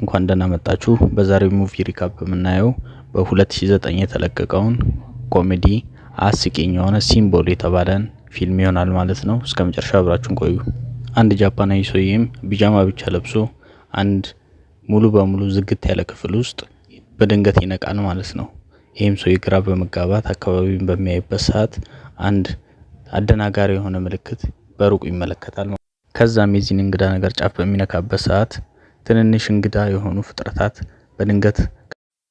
እንኳን ደህና መጣችሁ። በዛሬው ሙቪ ሪካፕ የምናየው በ2009 የተለቀቀውን ኮሜዲ አስቂኝ የሆነ ሲምቦል የተባለን ፊልም ይሆናል ማለት ነው። እስከ መጨረሻ አብራችሁን ቆዩ። አንድ ጃፓናዊ ሰውዬም ቢጃማ ብቻ ለብሶ አንድ ሙሉ በሙሉ ዝግት ያለ ክፍል ውስጥ በድንገት ይነቃል ማለት ነው። ይህም ሰውዬ ግራ በመጋባት አካባቢውን በሚያይበት ሰዓት አንድ አደናጋሪ የሆነ ምልክት በሩቁ ይመለከታል። ከዛም የዚህን እንግዳ ነገር ጫፍ በሚነካበት ሰዓት ትንንሽ እንግዳ የሆኑ ፍጥረታት በድንገት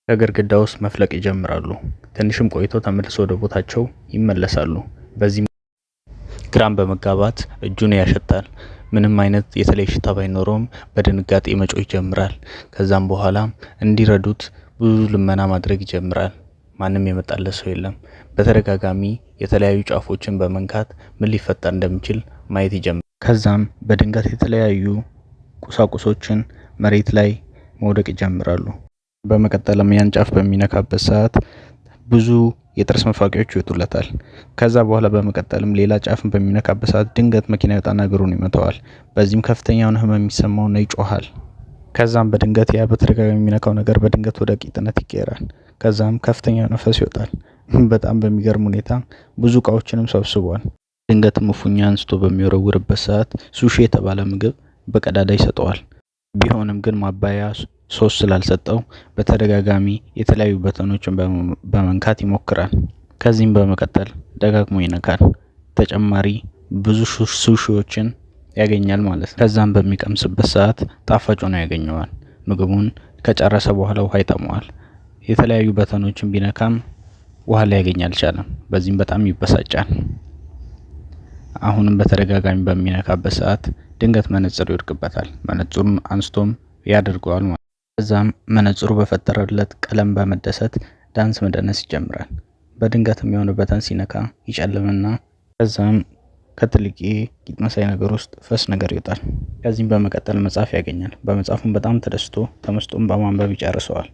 ከግድግዳ ውስጥ መፍለቅ ይጀምራሉ። ትንሽም ቆይተው ተመልሶ ወደ ቦታቸው ይመለሳሉ። በዚህም ግራም በመጋባት እጁን ያሸታል። ምንም አይነት የተለየ ሽታ ባይኖረውም በድንጋጤ መጮህ ይጀምራል። ከዛም በኋላ እንዲረዱት ብዙ ልመና ማድረግ ይጀምራል። ማንም የመጣለት ሰው የለም። በተደጋጋሚ የተለያዩ ጫፎችን በመንካት ምን ሊፈጠር እንደሚችል ማየት ይጀምራል። ከዛም በድንገት የተለያዩ ቁሳቁሶችን መሬት ላይ መውደቅ ይጀምራሉ። በመቀጠልም ያን ጫፍ በሚነካበት ሰዓት ብዙ የጥርስ መፋቂዎች ይወጡለታል። ከዛ በኋላ በመቀጠልም ሌላ ጫፍን በሚነካበት ሰዓት ድንገት መኪና ይወጣና እግሩን ይመተዋል። በዚህም ከፍተኛውን ህመም የሚሰማውና ይጮሃል። ከዛም በድንገት ያ በተደጋጋሚ የሚነካው ነገር በድንገት ወደ ቂጥነት ይቀየራል። ከዛም ከፍተኛ ነፈስ ይወጣል። በጣም በሚገርም ሁኔታ ብዙ እቃዎችንም ሰብስቧል። ድንገትም እፉኛ አንስቶ በሚወረውርበት ሰዓት ሱሺ የተባለ ምግብ በቀዳዳ ይሰጠዋል። ቢሆንም ግን ማባያ ሶስት ስላልሰጠው በተደጋጋሚ የተለያዩ በተኖችን በመንካት ይሞክራል። ከዚህም በመቀጠል ደጋግሞ ይነካል። ተጨማሪ ብዙ ሱሺዎችን ያገኛል ማለት ነው። ከዛም በሚቀምስበት ሰዓት ጣፋጭ ሆኖ ያገኘዋል። ምግቡን ከጨረሰ በኋላ ውሃ ይጠመዋል። የተለያዩ በተኖችን ቢነካም ውሃ ሊያገኝ አልቻለም። በዚህም በጣም ይበሳጫል። አሁንም በተደጋጋሚ በሚነካበት ሰዓት ድንገት መነጽሩ ይወድቅበታል። መነጽሩን አንስቶም ያደርገዋል ማለት ከዛም መነጽሩ በፈጠረለት ቀለም በመደሰት ዳንስ መደነስ ይጀምራል። በድንገት የሚሆንበትን ሲነካ ይጨልምና ከዛም ከትልቅ ቂጥ መሳይ ነገር ውስጥ ፈስ ነገር ይወጣል። ከዚህም በመቀጠል መጽሐፍ ያገኛል። በመጽሐፉም በጣም ተደስቶ ተመስጦም በማንበብ ይጨርሰዋል።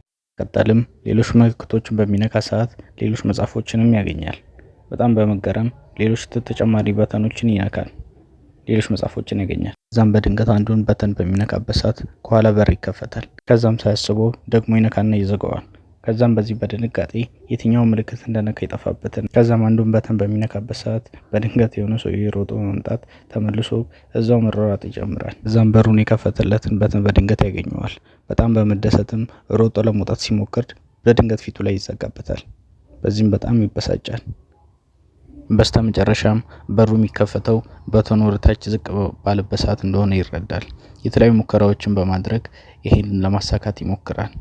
ቀጠልም ሌሎች ምልክቶችን በሚነካ ሰዓት ሌሎች መጽሐፎችንም ያገኛል። በጣም በመገረም ሌሎች ተጨማሪ በተኖችን ይነካል። ሌሎች መጽሐፎችን ያገኛል። እዛም በድንገት አንዱን በተን በሚነካበት ሰዓት ከኋላ በር ይከፈታል። ከዛም ሳያስበው ደግሞ ይነካና ይዘጋዋል። ከዛም በዚህ በድንጋጤ የትኛውን ምልክት እንደነካ ይጠፋበትን። ከዛም አንዱን በተን በሚነካበት ሰዓት በድንገት የሆነ ሰው ሮጦ መምጣት ተመልሶ እዛው መሯሯጥ ይጀምራል። እዛም በሩን የከፈተለትን በተን በድንገት ያገኘዋል። በጣም በመደሰትም ሮጦ ለመውጣት ሲሞክር በድንገት ፊቱ ላይ ይዘጋበታል። በዚህም በጣም ይበሳጫል። በስተ መጨረሻም በሩ የሚከፈተው በቶን ታች ዝቅ ባለበት ሰዓት እንደሆነ ይረዳል። የተለያዩ ሙከራዎችን በማድረግ ይህንን ለማሳካት ይሞክራል።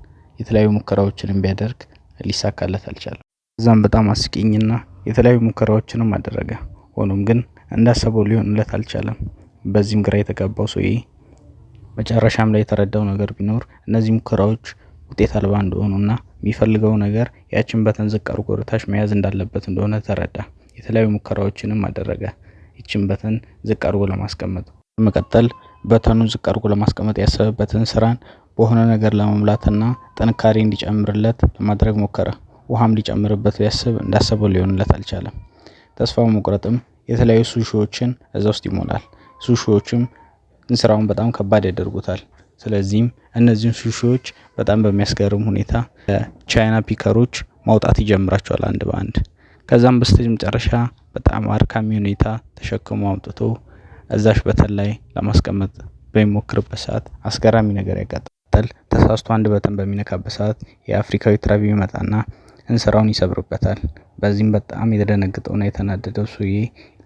የተለያዩ ሙከራዎችንም ቢያደርግ ሊሳካለት አልቻለም። እዛም በጣም አስቂኝና የተለያዩ ሙከራዎችንም አደረገ። ሆኖም ግን እንዳሰበው ሊሆንለት አልቻለም። በዚህም ግራ የተጋባው ሰውዬ መጨረሻም ላይ የተረዳው ነገር ቢኖር እነዚህ ሙከራዎች ውጤት አልባ እንደሆኑና የሚፈልገው ነገር ያችን በተን ዝቅ አድርጎ ወደታች መያዝ እንዳለበት እንደሆነ ተረዳ። የተለያዩ ሙከራዎችንም አደረገ ይችን በተን ዝቅ አድርጎ ለማስቀመጥ። በመቀጠል በተኑን ዝቅ አድርጎ ለማስቀመጥ ያሰበበትን ስራን በሆነ ነገር ለመሙላትና ጥንካሬ እንዲጨምርለት ለማድረግ ሞከረ። ውሃም ሊጨምርበት ቢያስብ እንዳሰበው ሊሆንለት አልቻለም። ተስፋ መቁረጥም የተለያዩ ሱሺዎችን እዛ ውስጥ ይሞላል። ሱሺዎችም እንስራውን በጣም ከባድ ያደርጉታል። ስለዚህም እነዚህን ሱሺዎች በጣም በሚያስገርም ሁኔታ ቻይና ፒከሮች ማውጣት ይጀምራቸዋል አንድ በአንድ ከዛም በስተ መጨረሻ በጣም አድካሚ ሁኔታ ተሸክሞ አምጥቶ እዛሽ በተን ላይ ለማስቀመጥ በሚሞክርበት ሰዓት አስገራሚ ነገር ያጋጥማል። ተሳስቶ አንድ በተን በሚነካበት ሰዓት የአፍሪካዊ ተራቢ ይመጣና እንስራውን ይሰብርበታል። በዚህም በጣም የተደነገጠውና የተናደደው ሱዬ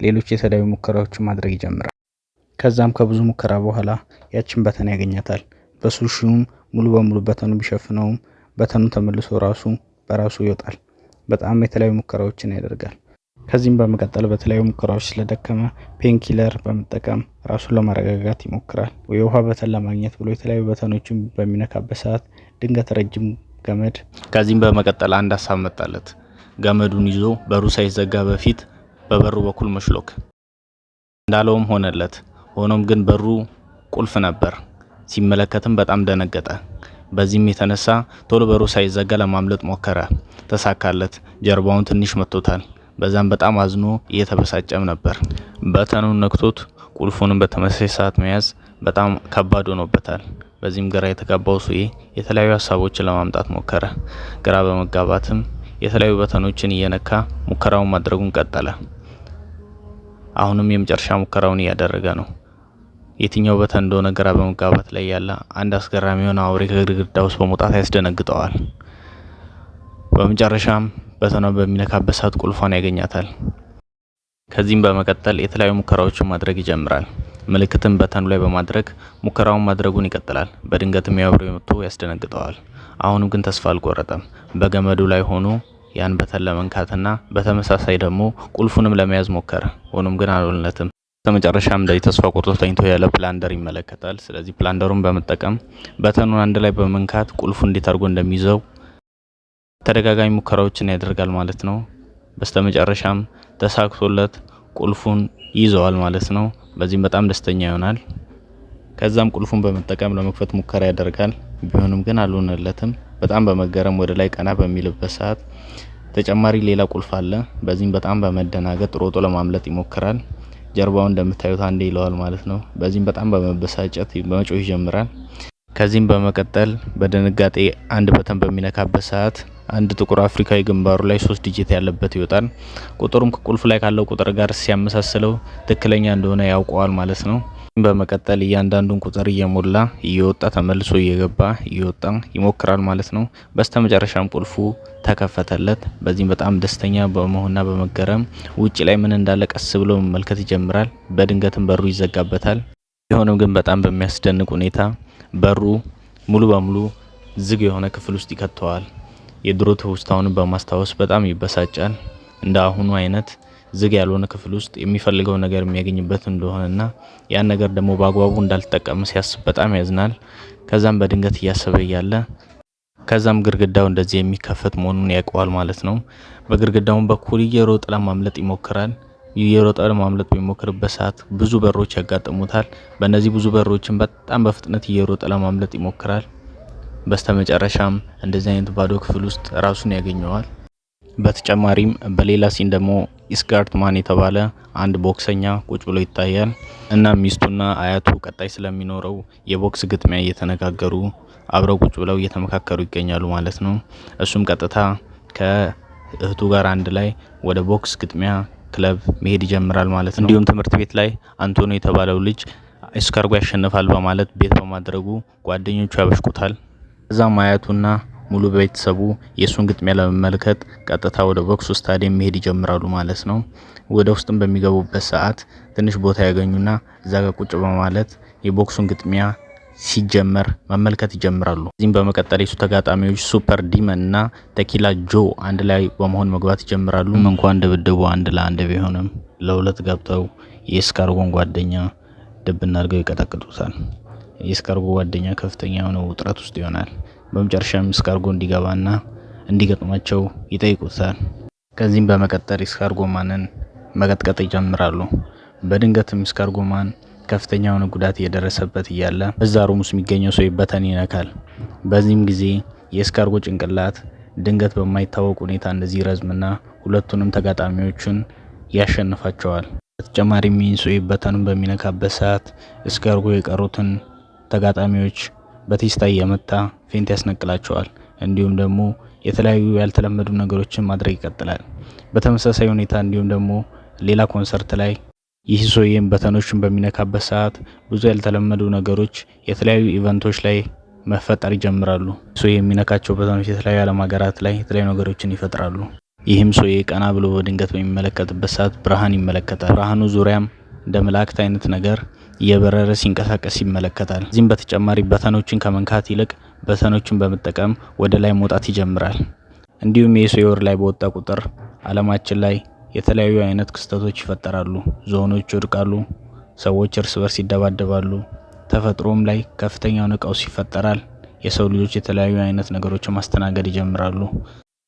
ሌሎች የተለያዩ ሙከራዎችን ማድረግ ይጀምራል። ከዛም ከብዙ ሙከራ በኋላ ያችን በተን ያገኛታል። በሱሹም ሙሉ በሙሉ በተኑ ቢሸፍነውም በተኑ ተመልሶ ራሱ በራሱ ይወጣል። በጣም የተለያዩ ሙከራዎችን ያደርጋል። ከዚህም በመቀጠል በተለያዩ ሙከራዎች ስለደከመ ፔንኪለር በመጠቀም ራሱን ለማረጋጋት ይሞክራል። የውሃ በተን ለማግኘት ብሎ የተለያዩ በተኖችን በሚነካበት ሰዓት ድንገት ረጅም ገመድ ከዚህም በመቀጠል አንድ ሀሳብ መጣለት። ገመዱን ይዞ በሩ ሳይዘጋ በፊት በበሩ በኩል መሽሎክ እንዳለውም ሆነለት። ሆኖም ግን በሩ ቁልፍ ነበር። ሲመለከትም በጣም ደነገጠ። በዚህም የተነሳ ቶሎ በሩ ሳይዘጋ ለማምለጥ ሞከረ። ተሳካለት። ጀርባውን ትንሽ መጥቶታል። በዛም በጣም አዝኖ እየተበሳጨም ነበር። በተኑን ነክቶት ቁልፉንም በተመሳሳይ ሰዓት መያዝ በጣም ከባድ ሆኖበታል። በዚህም ግራ የተጋባው ሱዬ የተለያዩ ሀሳቦችን ለማምጣት ሞከረ። ግራ በመጋባትም የተለያዩ በተኖችን እየነካ ሙከራውን ማድረጉን ቀጠለ። አሁንም የመጨረሻ ሙከራውን እያደረገ ነው። የትኛው በተንዶ ነገራ በመጋባት ላይ ያለ አንድ አስገራሚ የሆነ አውሬ ከግድግዳ ውስጥ በመውጣት ያስደነግጠዋል። በመጨረሻም በተኗ በሚነካበት ሰዓት ቁልፏን ያገኛታል። ከዚህም በመቀጠል የተለያዩ ሙከራዎችን ማድረግ ይጀምራል። ምልክትን በተኑ ላይ በማድረግ ሙከራውን ማድረጉን ይቀጥላል። በድንገትም የአውሬው መጥቶ ያስደነግጠዋል። አሁንም ግን ተስፋ አልቆረጠም። በገመዱ ላይ ሆኖ ያን በተን ለመንካትና በተመሳሳይ ደግሞ ቁልፉንም ለመያዝ ሞከረ። ሆኖም ግን አልሆነለትም። በመጨረሻም ላይ ተስፋ ቆርጦ ተኝቶ ያለ ፕላንደር ይመለከታል። ስለዚህ ፕላንደሩን በመጠቀም በተኑን አንድ ላይ በመንካት ቁልፉ እንዴት አድርጎ እንደሚይዘው ተደጋጋሚ ሙከራዎችን ያደርጋል ማለት ነው። በስተመጨረሻም ተሳክቶለት ቁልፉን ይዘዋል ማለት ነው። በዚህም በጣም ደስተኛ ይሆናል። ከዛም ቁልፉን በመጠቀም ለመክፈት ሙከራ ያደርጋል። ቢሆንም ግን አልሆነለትም። በጣም በመገረም ወደ ላይ ቀና በሚልበት ሰዓት ተጨማሪ ሌላ ቁልፍ አለ። በዚህም በጣም በመደናገጥ ሮጦ ለማምለጥ ይሞክራል። ጀርባው እንደምታዩት አንዴ ይለዋል ማለት ነው። በዚህም በጣም በመበሳጨት በመጮህ ይጀምራል። ከዚህም በመቀጠል በድንጋጤ አንድ በተን በሚነካበት ሰዓት አንድ ጥቁር አፍሪካዊ ግንባሩ ላይ ሶስት ዲጂት ያለበት ይወጣል። ቁጥሩም ከቁልፍ ላይ ካለው ቁጥር ጋር ሲያመሳስለው ትክክለኛ እንደሆነ ያውቀዋል ማለት ነው። በመቀጠል እያንዳንዱን ቁጥር እየሞላ እየወጣ ተመልሶ እየገባ እየወጣ ይሞክራል ማለት ነው። በስተመጨረሻም ቁልፉ ተከፈተለት። በዚህም በጣም ደስተኛ በመሆንና በመገረም ውጭ ላይ ምን እንዳለ ቀስ ብሎ መመልከት ይጀምራል። በድንገትም በሩ ይዘጋበታል። ቢሆንም ግን በጣም በሚያስደንቅ ሁኔታ በሩ ሙሉ በሙሉ ዝግ የሆነ ክፍል ውስጥ ይከተዋል። የድሮ ትውስታውን በማስታወስ በጣም ይበሳጫል። እንደ አሁኑ አይነት ዝግ ያልሆነ ክፍል ውስጥ የሚፈልገው ነገር የሚያገኝበት እንደሆነና ያን ነገር ደግሞ በአግባቡ እንዳልጠቀም ሲያስብ በጣም ያዝናል። ከዛም በድንገት እያሰበ እያለ ከዛም ግድግዳው እንደዚህ የሚከፈት መሆኑን ያውቀዋል ማለት ነው። በግድግዳውም በኩል እየሮጠ ለማምለጥ ይሞክራል። እየሮጠ ለማምለጥ በሚሞክርበት ሰዓት ብዙ በሮች ያጋጥሙታል። በእነዚህ ብዙ በሮችን በጣም በፍጥነት እየሮጠ ለማምለጥ ይሞክራል። በስተመጨረሻም እንደዚህ አይነት ባዶ ክፍል ውስጥ ራሱን ያገኘዋል። በተጨማሪም በሌላ ሲን ደግሞ ማን የተባለ አንድ ቦክሰኛ ቁጭ ብሎ ይታያል። እና ሚስቱና አያቱ ቀጣይ ስለሚኖረው የቦክስ ግጥሚያ እየተነጋገሩ አብረው ቁጭ ብለው እየተመካከሩ ይገኛሉ ማለት ነው። እሱም ቀጥታ ከእህቱ ጋር አንድ ላይ ወደ ቦክስ ግጥሚያ ክለብ መሄድ ይጀምራል ማለት ነው። እንዲሁም ትምህርት ቤት ላይ አንቶኒ የተባለው ልጅ ኤስካርጎ ያሸንፋል በማለት ቤት በማድረጉ ጓደኞቹ ያበሽቁታል። እዛም አያቱና ሙሉ ቤተሰቡ የእሱን ግጥሚያ ለመመልከት ቀጥታ ወደ ቦክሱ ስታዲየም መሄድ ይጀምራሉ ማለት ነው። ወደ ውስጥም በሚገቡበት ሰዓት ትንሽ ቦታ ያገኙና እዛ ጋር ቁጭ በማለት የቦክሱን ግጥሚያ ሲጀመር መመልከት ይጀምራሉ። እዚህም በመቀጠል የሱ ተጋጣሚዎች ሱፐር ዲመን እና ተኪላ ጆ አንድ ላይ በመሆን መግባት ይጀምራሉ። እንኳን ድብድቡ አንድ ለአንድ ቢሆንም ለሁለት ገብተው የስካርጎን ጓደኛ ድብና ድርገው ይቀጠቅጡታል። የስካርጎ ጓደኛ ከፍተኛ የሆነ ውጥረት ውስጥ ይሆናል። በመጨረሻም ስካርጎ እንዲገባና እንዲገጥማቸው ይጠይቁታል። ከዚህም በመቀጠል እስካርጎማንን መቀጥቀጥ ይጀምራሉ። በድንገትም ስካርጎማን ከፍተኛ የሆነ ጉዳት እየደረሰበት እያለ እዛ ሩም ውስጥ የሚገኘው ሰው በተን ይነካል። በዚህም ጊዜ የስካርጎ ጭንቅላት ድንገት በማይታወቅ ሁኔታ እንደዚህ ረዝምና ሁለቱንም ተጋጣሚዎቹን ያሸንፋቸዋል። በተጨማሪ ሰው በተኑን በሚነካበት ሰዓት ስካርጎ የቀሩትን ተጋጣሚዎች በቴስታ እየመጣ ፌንት ያስነቅላቸዋል። እንዲሁም ደግሞ የተለያዩ ያልተለመዱ ነገሮችን ማድረግ ይቀጥላል። በተመሳሳይ ሁኔታ እንዲሁም ደግሞ ሌላ ኮንሰርት ላይ ይህ ሰውዬም በተኖችን በሚነካበት ሰዓት ብዙ ያልተለመዱ ነገሮች የተለያዩ ኢቨንቶች ላይ መፈጠር ይጀምራሉ። ሰውዬ የሚነካቸው በተኖች የተለያዩ ዓለም ሀገራት ላይ የተለያዩ ነገሮችን ይፈጥራሉ። ይህም ሰውዬ ቀና ብሎ በድንገት በሚመለከትበት ሰዓት ብርሃን ይመለከታል። ብርሃኑ ዙሪያም እንደ መላእክት አይነት ነገር እየበረረ ሲንቀሳቀስ ይመለከታል። እዚህም በተጨማሪ በተኖችን ከመንካት ይልቅ በተኖችን በመጠቀም ወደ ላይ መውጣት ይጀምራል። እንዲሁም የሱ የወር ላይ በወጣ ቁጥር አለማችን ላይ የተለያዩ አይነት ክስተቶች ይፈጠራሉ። ዞኖች ይወድቃሉ፣ ሰዎች እርስ በርስ ይደባደባሉ፣ ተፈጥሮም ላይ ከፍተኛ የሆነ ቀውስ ይፈጠራል። የሰው ልጆች የተለያዩ አይነት ነገሮች ማስተናገድ ይጀምራሉ።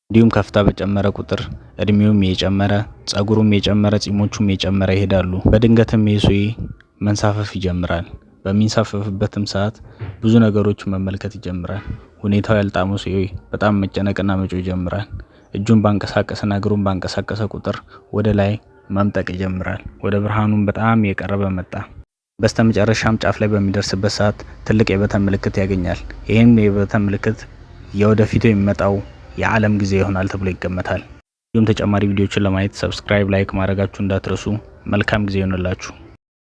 እንዲሁም ከፍታ በጨመረ ቁጥር እድሜውም የጨመረ ጸጉሩም የጨመረ ጺሞቹም የጨመረ ይሄዳሉ። በድንገትም የሱዬ መንሳፈፍ ይጀምራል። በሚንሳፈፍበትም ሰዓት ብዙ ነገሮችን መመልከት ይጀምራል። ሁኔታው ያልጣመው ሰው በጣም መጨነቅና መጮ ይጀምራል። እጁን ባንቀሳቀሰና እግሩን ባንቀሳቀሰ ቁጥር ወደ ላይ መምጠቅ ይጀምራል። ወደ ብርሃኑም በጣም የቀረበ መጣ። በስተመጨረሻም ጫፍ ላይ በሚደርስበት ሰዓት ትልቅ የበተን ምልክት ያገኛል። ይህም የበተን ምልክት የወደፊቱ የሚመጣው የዓለም ጊዜ ይሆናል ተብሎ ይገመታል። እንዲሁም ተጨማሪ ቪዲዮችን ለማየት ሰብስክራይብ፣ ላይክ ማድረጋችሁ እንዳትረሱ። መልካም ጊዜ ይሆንላችሁ።